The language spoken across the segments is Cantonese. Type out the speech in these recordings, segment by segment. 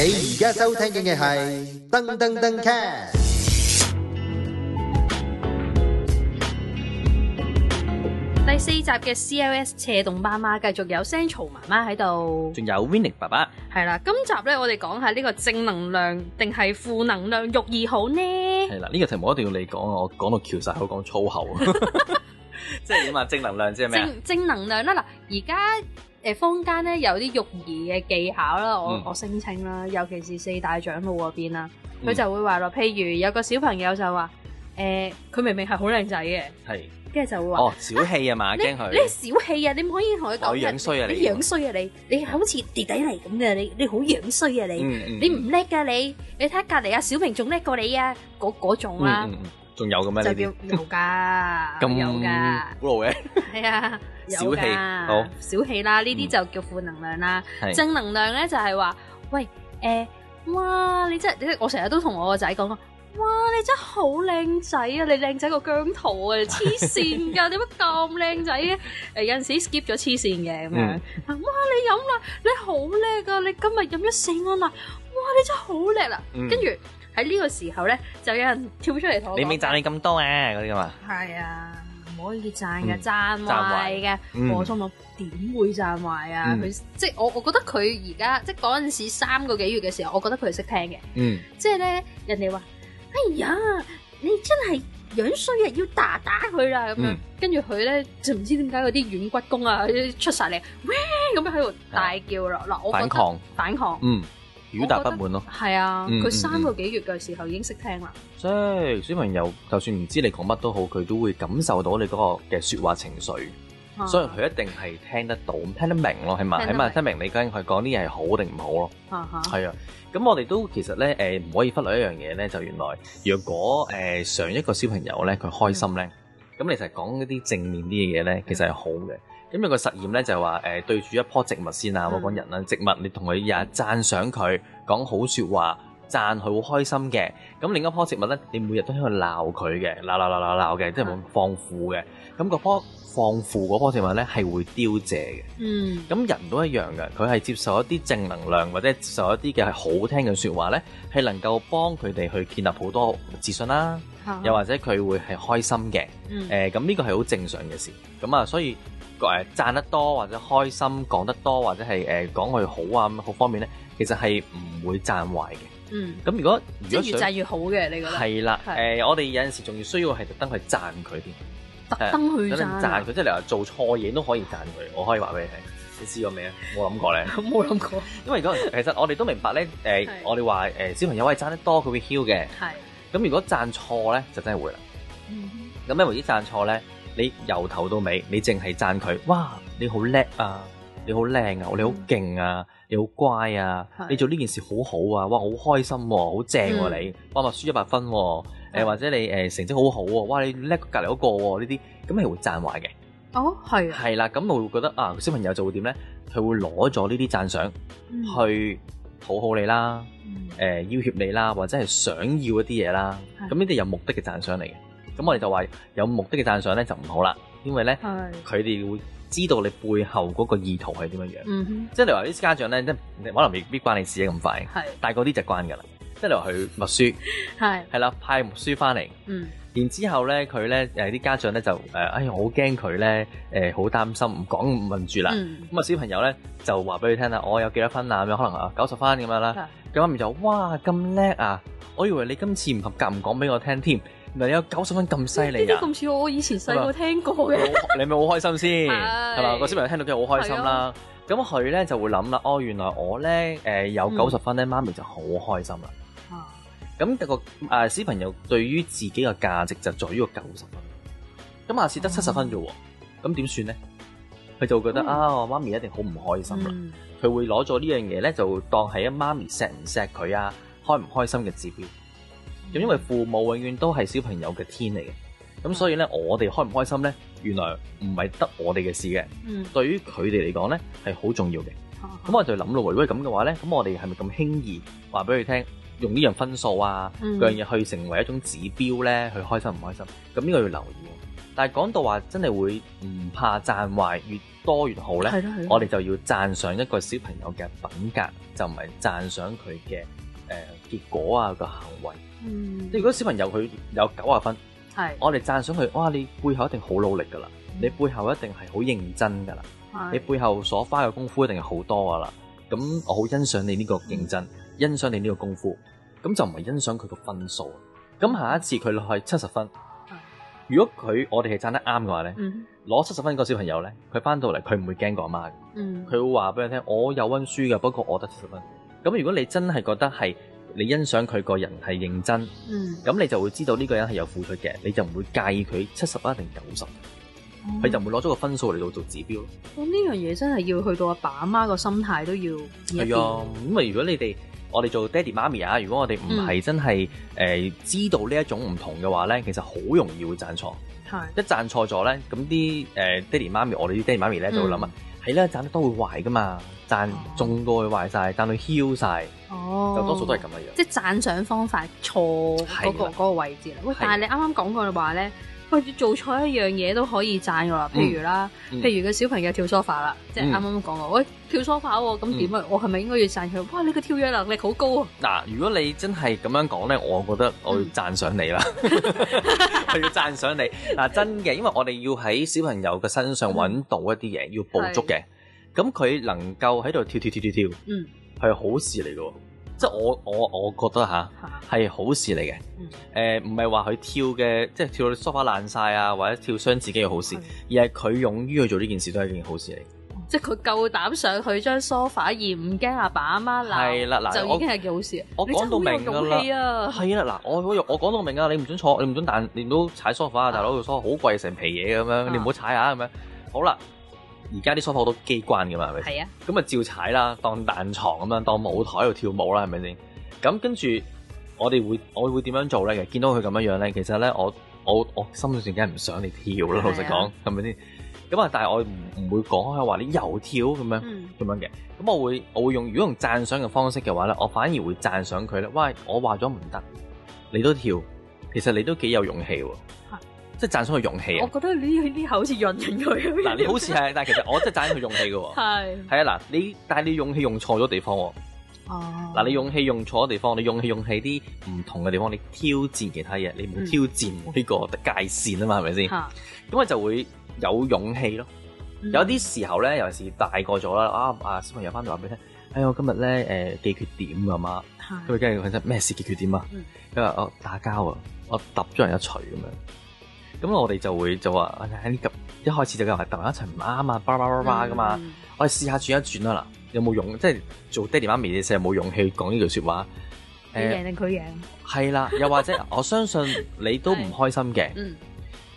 你而家收聽嘅係噔噔噔 cast 第四集嘅 CLS 斜動媽媽繼續有聲嘈，媽媽喺度，仲有 Winnie 爸爸係啦。今集咧我哋講下呢個正能量定係負能量，育兒好呢？係啦，呢、這個題目我一定要你講啊！我講到橋晒好講粗口， 即係點啊？正能量即係咩？正正能量啦！嗱，而家。誒，坊間咧有啲育兒嘅技巧啦，我我聲稱啦，尤其是四大長老嗰邊啦，佢就會話咯，譬如有個小朋友就話，誒，佢明明係好靚仔嘅，係，跟住就會話，哦，小氣啊嘛，驚佢，你係小氣啊，你唔可以同佢講，你樣衰啊，你樣衰啊，你，你好似跌底嚟咁嘅，你你好樣衰啊，你，你唔叻噶你，你睇下隔籬阿小平仲叻過你啊，嗰嗰種啦。仲有嘅咩？就叫有噶， 有噶，古老嘅。係啊，有噶，好小氣啦！呢啲就叫負能量啦。嗯、正能量咧就係、是、話，喂，誒、呃，哇，你真係，我成日都同我個仔講，哇，你真係好靚仔啊！你靚仔個姜濤啊，黐線噶，點解咁靚仔嘅？誒，有陣時 skip 咗黐線嘅咁樣、嗯。哇，你飲奶，你好叻啊！你今日飲咗四碗奶，哇，你真係好叻啦、啊嗯！跟住。喺呢個時候咧，就有人跳出嚟同你未讚你咁多嘅嗰啲嘛？係啊，唔可以讚嘅、嗯，讚壞嘅、嗯、我心諗點會讚壞啊？佢、嗯、即係我，我覺得佢而家即係嗰陣時三個幾月嘅時候，我覺得佢係識聽嘅。即係咧，人哋話：哎呀，你真係樣衰啊，要打打佢啦咁樣。跟住佢咧就唔知點解嗰啲軟骨功啊出晒嚟，喂！咁樣喺度大叫咯。嗱、啊，反抗，反抗，嗯。表達不滿咯，係啊，佢三個幾月嘅時候已經識聽啦。所以小朋友，就算唔知你講乜都好，佢都會感受到你嗰個嘅說話情緒，所以佢一定係聽得到、聽得明咯，係嘛，係嘛，聽得明你跟佢講啲嘢係好定唔好咯。係啊，咁我哋都其實咧，誒，唔可以忽略一樣嘢咧，就原來，若果誒上一個小朋友咧佢開心咧，咁你就講一啲正面啲嘅嘢咧，其實係好嘅。咁、那、有個實驗實驗咧就係話誒、呃、對住一棵植物先啊，冇、那、講、個、人啊植物你同佢日日讚賞佢講好說話。讚佢好開心嘅，咁另一棵植物咧，你每日都喺度鬧佢嘅，鬧鬧鬧鬧鬧嘅，即係放放負嘅。咁嗰棵放負嗰棵植物咧，係會凋謝嘅。嗯，咁人都一樣嘅，佢係接受一啲正能量或者接受一啲嘅係好聽嘅説話咧，係能夠幫佢哋去建立好多自信啦。又或者佢會係開心嘅。誒，咁呢個係好正常嘅事。咁啊，所以誒讚得多或者開心講得多或者係誒講佢好啊好方面咧，其實係唔會讚壞嘅。嗯，咁如果如果即越讚越好嘅，你覺得係啦？誒、呃，我哋有陣時仲要需要係特登去讚佢添，特登去讚佢，即係你話做錯嘢都可以讚佢，我可以話俾你聽。你試過未啊？冇 諗過咧，冇諗過。因為如果其實我哋都明白咧，誒、呃，我哋話誒，小朋友可以讚得多佢會囂嘅，係。咁如果讚錯咧，就真係會啦。咁、嗯、咧，咩為之讚錯咧？你由頭到尾你淨係讚佢，哇，你好叻啊！你好靚啊！你好勁啊！你好乖啊！你做呢件事好好啊！哇，好開心喎、啊，好正喎，你，我話輸一百分喎、啊，或者你誒、呃、成績好好、啊、喎，哇，你叻隔離嗰個喎、啊，呢啲咁係會讚壞嘅。哦，係。係啦，咁我會覺得啊，小朋友就會點咧？佢會攞咗呢啲讚賞去討好你啦，誒要挾你啦，或者係想要一啲嘢啦。咁呢啲有目的嘅讚賞嚟嘅。咁我哋就話有目的嘅讚賞咧就唔好啦，因為咧佢哋會知道你背後嗰個意圖係點樣樣、嗯，即係你話啲家長咧，即係可能未必關你事咁快，大個啲就關㗎啦。即係你話佢默書，係係啦，派默書翻嚟、嗯，然之後咧佢咧誒啲家長咧就哎呀我好驚佢咧好擔心，唔講唔問住啦。咁、嗯、啊小朋友咧就話俾佢聽啦，我有幾多分啊咁樣可能90啊九十分咁樣啦。咁後就哇咁叻啊，我以為你今次唔合格唔講俾我聽添。原來有九十分咁犀利啊！咁似我，我以前細個聽過嘅，是是 你咪好開心先係嘛？個 小朋友聽到真係好開心啦。咁佢咧就會諗啦，哦，原來我咧誒、呃、有九十分咧，媽咪就好開心啦。咁、嗯，那個誒、呃、小朋友對於自己嘅價值就在於個九十分。咁啊，只得七十分啫，咁點算咧？佢就會覺得、嗯、啊，我媽咪一定好唔開心啦。佢、嗯、會攞咗呢樣嘢咧，就當係阿媽咪錫唔錫佢啊，開唔開心嘅指標。咁因為父母永遠都係小朋友嘅天嚟嘅，咁所以呢，我哋開唔開心呢？原來唔係得我哋嘅事嘅、嗯。對於佢哋嚟講呢，係好重要嘅。咁、嗯、我就諗到，喎，如果咁嘅話呢，咁我哋係咪咁輕易話俾佢聽，用呢樣分數啊，嗰樣嘢去成為一種指標呢？去開心唔開心？咁呢個要留意。但係講到話真係會唔怕讚壞，越多越好呢？嗯、我哋就要讚賞一個小朋友嘅品格，就唔係讚賞佢嘅誒結果啊個行為。嗯，如果小朋友佢有九十分，係，我哋讚賞佢，哇！你背後一定好努力噶啦、嗯，你背後一定係好認真噶啦，你背後所花嘅功夫一定係好多噶啦，咁我好欣賞你呢個認真，嗯，欣賞你呢個功夫，咁就唔係欣賞佢個分數。咁下一次佢落去七十分，嗯，如果佢我哋係讚得啱嘅話呢，攞七十分個小朋友呢，佢翻到嚟佢唔會驚過阿媽，嗯，佢會話俾你聽，我有温書噶，不過我得七十分。咁如果你真係覺得係。你欣賞佢個人係認真，咁、嗯、你就會知道呢個人係有付出嘅，你就唔會介意佢七十一定九十，佢就唔會攞咗個分數嚟到做指標。咁呢樣嘢真係要去到阿爸阿媽個心態都要。係啊，因為如果你哋我哋做爹地媽咪啊，如果我哋唔係真係誒、嗯呃、知道呢一種唔同嘅話咧，其實好容易會讚錯。係一讚錯咗咧，咁啲誒爹地媽咪，我哋啲爹地媽咪咧就會諗。你咧讚得都會壞噶嘛？讚中過會壞晒，但佢囂晒，就多數都係咁嘅樣。哦、即係讚賞方法錯嗰個嗰個位置啦。喂，的但係你啱啱講過嘅話咧。做錯一樣嘢，都可以讚我啦，譬如啦，嗯嗯、譬如個小朋友跳 sofa 啦，嗯，即係啱啱講話，喂，哎，跳 sofa 喎，哦，咁點啊？我係咪應該要讚佢？哇，你個跳躍能力好高啊！嗱，如果你真係咁樣講咧，我覺得我要讚賞你啦，嗯， 我要讚賞你嗱， 啊，真嘅，因為我哋要喺小朋友嘅身上搵到一啲嘢，要捕捉嘅，咁佢能夠喺度跳跳跳跳跳，嗯，係好事嚟喎。即係我我我覺得吓係好事嚟嘅，誒唔係話佢跳嘅即係跳到沙發爛晒啊，或者跳傷自己嘅好事，是而係佢勇於去做呢件事都係一件好事嚟。即係佢夠膽上去張沙發而唔驚阿爸阿媽鬧，係啦嗱就已經係件好事。我講到明啦，係啦嗱，我我講到明啊，你唔准坐，你唔准彈，你唔到踩沙發啊，大佬個梳化好貴成皮嘢，咁樣，你唔好踩下咁樣。好啦。而家啲梳化都機關㗎嘛，係咪？係啊。咁啊，照踩啦，當彈床咁樣，當舞台度跳舞啦，係咪先？咁跟住我哋會，我會點樣做咧？見到佢咁樣樣咧，其實咧，我我我心裏邊梗係唔想你跳啦，老實講，係咪先？咁啊，但係我唔唔會講係話你又跳咁樣咁樣嘅。咁、嗯、我會我會用如果用讚賞嘅方式嘅話咧，我反而會讚賞佢咧。喂，我話咗唔得，你都跳，其實你都幾有勇氣喎。啊即係讚賞佢勇氣啊！我覺得呢呢好似潤潤佢，嗱，你好似係，但係其實我真係讚佢勇氣嘅、啊，係係啊嗱，你但係你勇氣用錯咗地方、啊，哦嗱，你勇氣用錯咗地方，你勇氣用喺啲唔同嘅地方，你挑戰其他嘢，你唔好挑戰呢個界線啊嘛，係咪先？咁啊就會有勇氣咯。有啲時候咧，尤其是大個咗啦，啊啊小朋友翻嚟，話俾你聽，哎呀、呃，今日咧誒記缺點啊嘛，咁啊跟住佢真咩事記缺點啊？因為我打交啊，我揼咗人一錘咁樣。咁我哋就會就話喺一開始就咁樣係揼一層唔啱啊，叭叭叭叭噶嘛，嗯、我哋試下轉一轉、啊、啦，嗱，有冇勇？即係做爹哋媽咪嘅時候，有冇勇氣講呢句説話。你贏定、呃、佢贏？係啦，又或者 我相信你都唔開心嘅、嗯。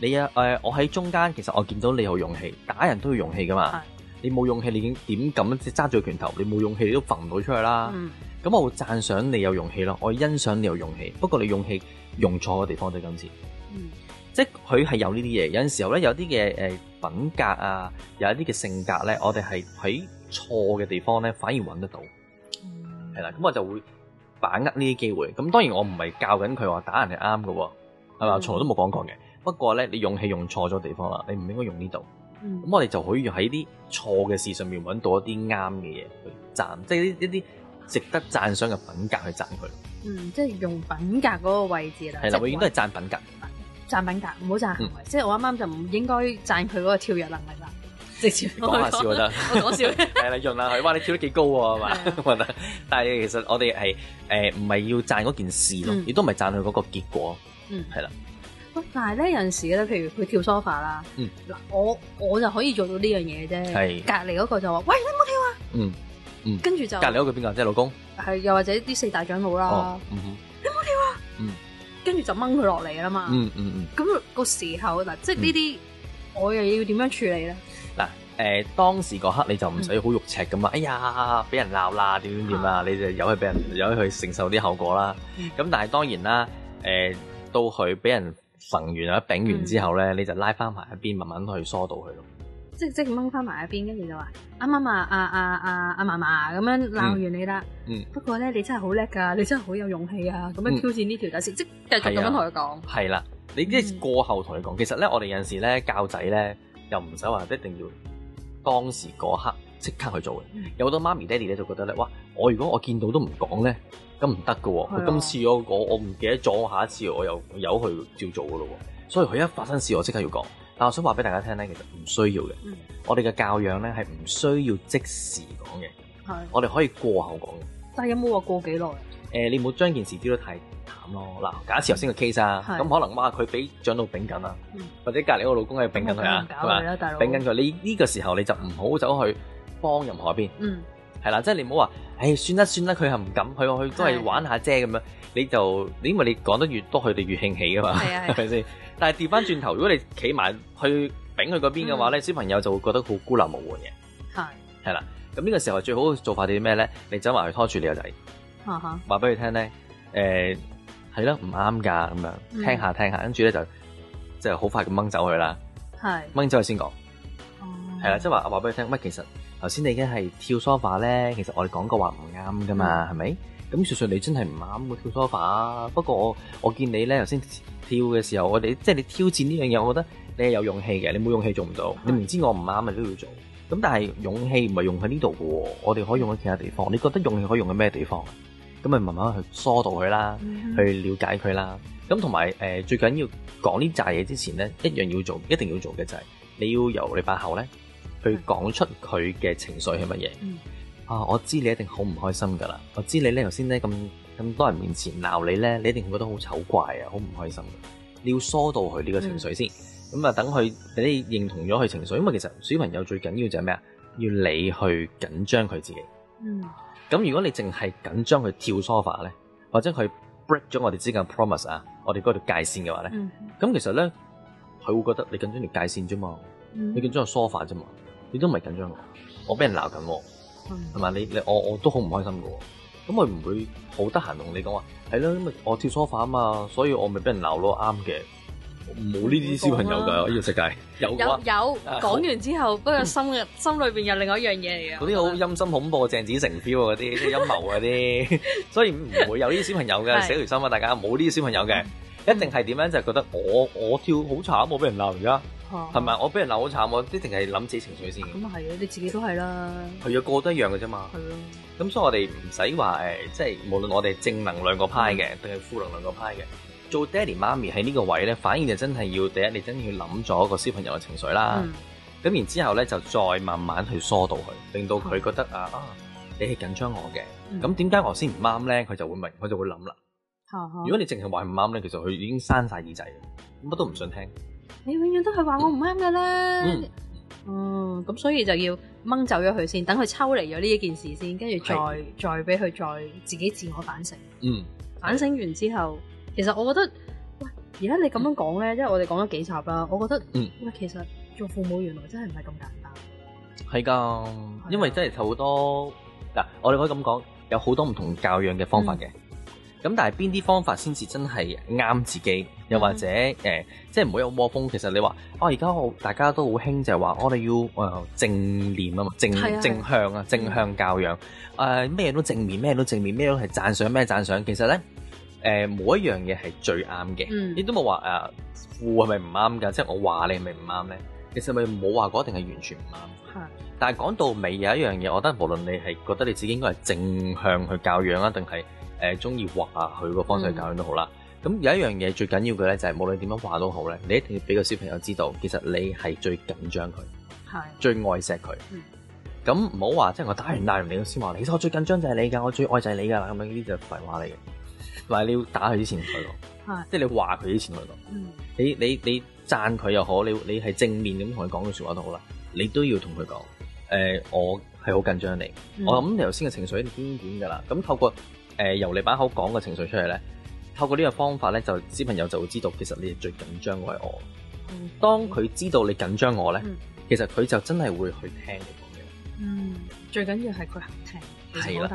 你啊，誒、呃，我喺中間，其實我見到你有勇氣，打人都要勇氣噶嘛。你冇勇氣，你已經點咁即係揸住個拳頭？你冇勇氣，你都浮唔到出去啦。嗯。咁我會讚賞你有勇氣咯，我會欣賞我會欣賞你有勇氣。不過你勇氣用錯嘅地方就今次。嗯。即係佢係有呢啲嘢，有陣時候咧，有啲嘅誒品格啊，有一啲嘅性格咧，我哋係喺錯嘅地方咧，反而揾得到係啦。咁、嗯、我就會把握呢啲機會。咁當然我唔係教緊佢話打人係啱㗎，係嘛、嗯，從來都冇講過嘅。不過咧，你勇氣用錯咗地方啦，你唔應該用呢度。咁、嗯、我哋就可以喺啲錯嘅事上面揾到一啲啱嘅嘢去讚，即係呢啲一啲值得讚賞嘅品格去讚佢。嗯，即係用品格嗰個位置啦。係啦，我已經都係讚品格。讚品格唔好讚行為，嗯、即係我啱啱就唔應該讚佢嗰個跳躍能力啦，直接講下笑就得。我講笑，係 啦，潤下佢，哇你跳得幾高喎，係嘛？ 但係其實我哋係誒唔係要讚嗰件事咯，亦都唔係讚佢嗰個結果，嗯，係啦。哇！但係咧有陣時咧，譬如佢跳 sofa 啦，嗱、嗯、我我就可以做到呢樣嘢啫，係隔離嗰個就話，喂你唔好跳啊，嗯跟住、嗯、就隔離嗰個邊個即係老公，係又或者啲四大長老啦，哦嗯跟住就掹佢落嚟啦嘛，嗯嗯嗯，咁、嗯、個時候嗱，即係呢啲，我又要點樣處理咧？嗱，誒當時嗰刻你就唔使好肉赤咁啊、嗯，哎呀，俾人鬧啦，點點點啊，你就由佢俾人由佢去承受啲後果啦。咁、嗯、但係當然啦，誒、呃、到佢俾人馴完或者嬸完之後咧、嗯，你就拉翻埋一邊，慢慢去疏導佢咯。即即掹翻埋一邊，跟住就話：啱啱啊媽媽啊啊啊啊嫲嫲咁樣鬧完你啦、嗯嗯。不過咧，你真係好叻㗎，你真係好有勇氣啊！咁、嗯、樣挑戰呢條底線，即繼續咁樣同佢講。係啦、啊，你即過後同佢講。其實咧，我哋有陣時咧教仔咧，又唔使話一定要當時嗰刻即刻去做嘅、嗯。有好多媽咪爹哋咧就覺得咧：，哇！我如果我見到都唔講咧，咁唔得嘅喎。佢、今次我我唔記得咗，我下一次我又又去照做嘅咯、哦。所以佢一發生事，我即刻要講。但我想話俾大家聽咧，其實唔需要嘅、嗯。我哋嘅教養咧係唔需要即時講嘅，我哋可以過後講嘅。但係有冇話過幾耐？誒、呃，你唔好將件事丟得太淡咯。嗱，假設頭先個 case 啊，咁、嗯、可能媽佢俾長到丙緊啊，或者隔籬個老公喺度丙緊佢啊，係、嗯、嘛？丙緊佢，你呢個時候你就唔好走去幫任何一邊。嗯係啦，即係你唔好話，誒、哎，算啦算啦，佢係唔敢，去去都係玩下啫咁樣，你就，因為你講得越多，佢哋越興起噶嘛，係咪先？但係掉翻轉頭， 如果你企埋去，抦佢嗰邊嘅話咧，嗯、小朋友就會覺得好孤立無援嘅，係，係啦，咁呢個時候最好做法啲咩咧？你走埋去拖住你個仔，話、啊、吓，話俾佢聽咧，誒，係咯，唔啱噶，咁樣，聽下聽下，跟住咧就，即係好快咁掹走佢啦，係，掹走佢先講，係係啦，即係話話俾佢聽，乜其實。頭先你嘅係跳 sofa 咧，其實我哋講嘅話唔啱噶嘛，係、嗯、咪？咁雪雪你真係唔啱會跳 sofa，、啊、不過我我見你咧頭先跳嘅時候，我哋即係你挑戰呢樣嘢，我覺得你係有勇氣嘅，你冇勇氣做唔到，你唔知我唔啱咪都要做。咁、嗯、但係勇氣唔係用喺呢度嘅，我哋可以用喺其他地方。你覺得勇氣可以用喺咩地方？咁咪慢慢去疏導佢啦，去了解佢啦。咁同埋誒最緊要講呢扎嘢之前咧，一樣要做，一定要做嘅就係、是、你要由你把後咧。佢講出佢嘅情緒係乜嘢啊？我知你一定好唔開心㗎啦！我知你呢頭先呢咁咁多人面前鬧你呢，你一定會覺得好醜怪啊，好唔開心。你要疏導佢呢個情緒先，咁啊等佢你認同咗佢情緒。因為其實小朋友最緊要就係咩啊？要你去緊張佢自己。嗯。咁如果你淨係緊張佢跳 sofa 呢，或者佢 break 咗我哋之間 promise 啊，我哋嗰條界線嘅話呢，咁、嗯、其實呢，佢會覺得你緊張條界線啫嘛、嗯，你緊張個 sofa 啫嘛。你都唔係緊張我，我俾人鬧緊我，係、嗯、嘛？你你我我都好唔開心喎。咁我唔會好得閒同你講話，係咯，因為我跳 sofa 嘛，所以我咪俾人鬧咯，啱嘅。冇呢啲小朋友㗎，呢個世界有有講完之後，不過心嘅心裏邊有另外一樣嘢嚟嘅。嗰啲好陰森恐怖、鄭子成飆嗰啲、陰謀嗰啲，所以唔會有呢啲小朋友嘅。死條心啊，大家冇呢啲小朋友嘅，一定係點樣就覺得我我跳好慘，我俾人鬧而家，係咪我俾人鬧好慘，我一定係諗自己情緒先。咁啊係啊，你自己都係啦。係啊，個個都一樣嘅啫嘛。係咯。咁所以我哋唔使話誒，即係無論我哋正能量個派嘅，定係負能量個派嘅。做爹哋媽咪喺呢個位咧，反而就真係要第一，你真係要諗咗個小朋友嘅情緒啦。咁、嗯、然之後咧，就再慢慢去疏導佢，令到佢覺得啊、嗯、啊，你係緊張我嘅。咁點解我先唔啱咧？佢就會明，佢就會諗啦。如果你淨係話唔啱咧，其實佢已經生晒耳仔，乜都唔想聽。你永遠都係話我唔啱噶啦。嗯，咁、嗯、所以就要掹走咗佢先，等佢抽離咗呢一件事先，跟住再再俾佢再自己自我反省。嗯，反省完之後。嗯。其實我覺得，喂，而家你咁樣講咧，即係我哋講咗幾集啦，我覺得，喂、嗯，其實做父母原來真係唔係咁簡單。係噶，因為真係好多嗱，我哋可以咁講，有好多唔同教養嘅方法嘅。咁、嗯、但係邊啲方法先至真係啱自己？又或者誒，即係唔會有窩風？其實你話，哦，而家我大家都好興就係話，我哋要誒正念啊嘛，正正向啊，正向教養誒，咩、呃、都正面，咩都正面，咩都係讚賞，咩讚賞？其實咧。誒、呃、冇一樣嘢係最啱嘅，亦都冇話誒負係咪唔啱㗎？即、啊、係、就是、我話你係咪唔啱咧？其實係咪冇話一定係完全唔啱？但係講到尾有一樣嘢，我覺得無論你係覺得你自己應該係正向去教養啦，定係鍾中意話佢個方式去教養都好啦。咁、嗯、有一樣嘢最緊要嘅咧，就係、是、無論點樣話都好咧，你一定要俾個小朋友知道，其實你係最緊張佢，係最愛錫佢。咁唔好話，即係我打完大人你先話你。其實我最緊張就係你㗎，我最愛就係你㗎。咁呢啲就廢話嚟嘅。唔係你要打佢之前去咯、啊，即係你話佢之前去講、嗯。你你你讚佢又好，你你係正面咁同佢講句説話都好啦。你都要同佢講，誒、呃，我係好緊張你。嗯、我諗你頭先嘅情緒已經管噶啦。咁透過誒、呃、由你把口講嘅情緒出嚟咧，透過呢個方法咧，就小朋友就會知道其實你最緊張嘅係我。嗯、當佢知道你緊張我咧、嗯，其實佢就真係會去聽你講嘢。嗯，最緊要係佢肯聽，你講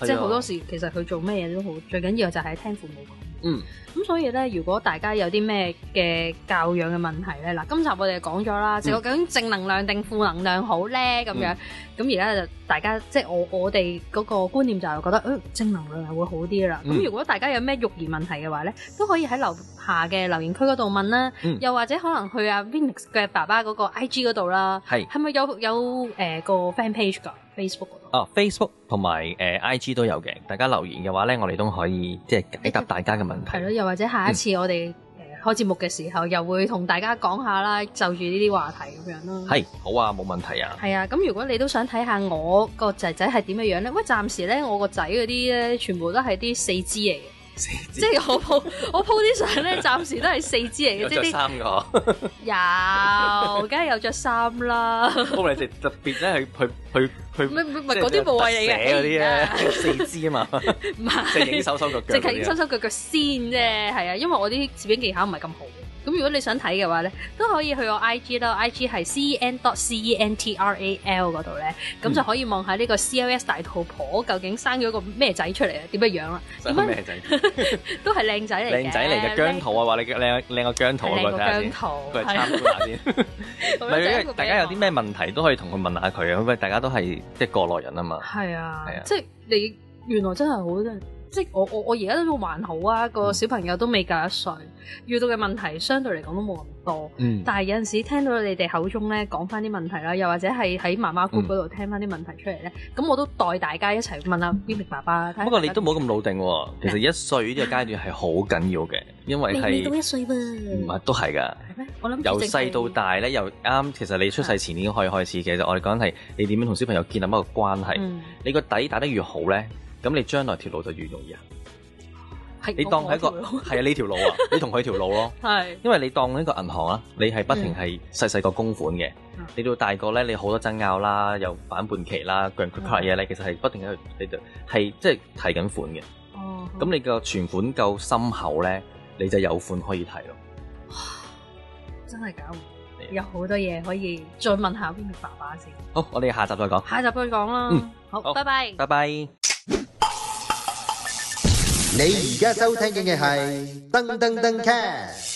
即係好多時，其實佢做咩嘢都好，最緊要就係聽父母講。嗯。咁所以咧，如果大家有啲咩嘅教養嘅問題咧，嗱，今集我哋講咗啦，就、嗯、究竟正能量定負能量好咧咁樣。咁而家就大家即係我我哋嗰個觀念就係覺得，誒、哎、正能量係會好啲啦。咁、嗯、如果大家有咩育兒問題嘅話咧，都可以喺樓下嘅留言區嗰度問啦、嗯。又或者可能去阿 Vinnix 嘅爸爸嗰個 IG 嗰度啦。係。係咪有有誒、呃、個 fan page 㗎？Facebook 哦、oh，Facebook 同埋誒 IG 都有嘅，大家留言嘅話咧，我哋都可以即係解答大家嘅問題。係咯，又或者下一次我哋誒開節目嘅時候，嗯、又會同大家講下啦，就住呢啲話題咁樣啦。係、hey，好啊，冇問題啊。係啊，咁如果你都想睇下我個仔仔係點嘅樣咧，喂，暫時咧我個仔嗰啲咧全部都係啲四肢嚟。四支，即係我鋪我鋪啲相咧，暫時都係四支嚟嘅，即係三個， 有，梗係有着衫啦。鋪你咪特別咧去去去去，唔唔唔，嗰啲部位嚟嘅，嗰啲咧四肢啊嘛， 唔係 即係影手腳腳手腳腳先啫，係啊，因為我啲攝影技巧唔係咁好。咁如果你想睇嘅話咧，都可以去我 I G 啦，I G 係 C E N dot C E N T R A L 嗰度咧，咁就可以望下呢個 C O S 大肚婆究竟生咗個咩仔出嚟啊？點嘅樣啊？生咩仔？都係靚仔嚟嘅。靚仔嚟嘅姜濤啊，話你靚靚個姜濤啊，你睇下先。姜佢唔 大家有啲咩問題都可以同佢問下佢啊，大家都係即係過來人啊嘛。係啊，啊，即係你原來真係好即係我我我而家都仲還好啊，個小朋友都未夠一歲，遇到嘅問題相對嚟講都冇咁多。嗯、但係有陣時聽到你哋口中咧講翻啲問題啦，又或者係喺媽媽 group 嗰度聽翻啲問題出嚟咧，咁、嗯、我都代大家一齊問下 Billy 爸爸。不過你都冇咁老定喎，其實一歲呢個階段係好緊要嘅，啊，因為未未到一歲噃。唔、嗯、係都係㗎。我諗由細到大咧，由啱，其實你出世前已經可以開始嘅。其實我哋講係你點樣同小朋友建立一個關係，嗯、你個底打得越好咧。咁你將來條路就越容易行。你當係一個係啊，呢條路啊，你同佢條路咯。係，因為你當呢個銀行啦，你係不停係細細個供款嘅，你到大個咧，你好多爭拗啦，有反叛期啦，各樣各樣嘢，你其實係不停喺度，係即係提緊款嘅。哦，咁你個存款夠深厚咧，你就有款可以提咯。哇！真係咁，有好多嘢可以再問下邊個爸爸先。好，我哋下集再講。下集再講啦。嗯，好，拜拜，拜拜。你而家收聽嘅係燈登登 cast。丹丹丹丹丹丹丹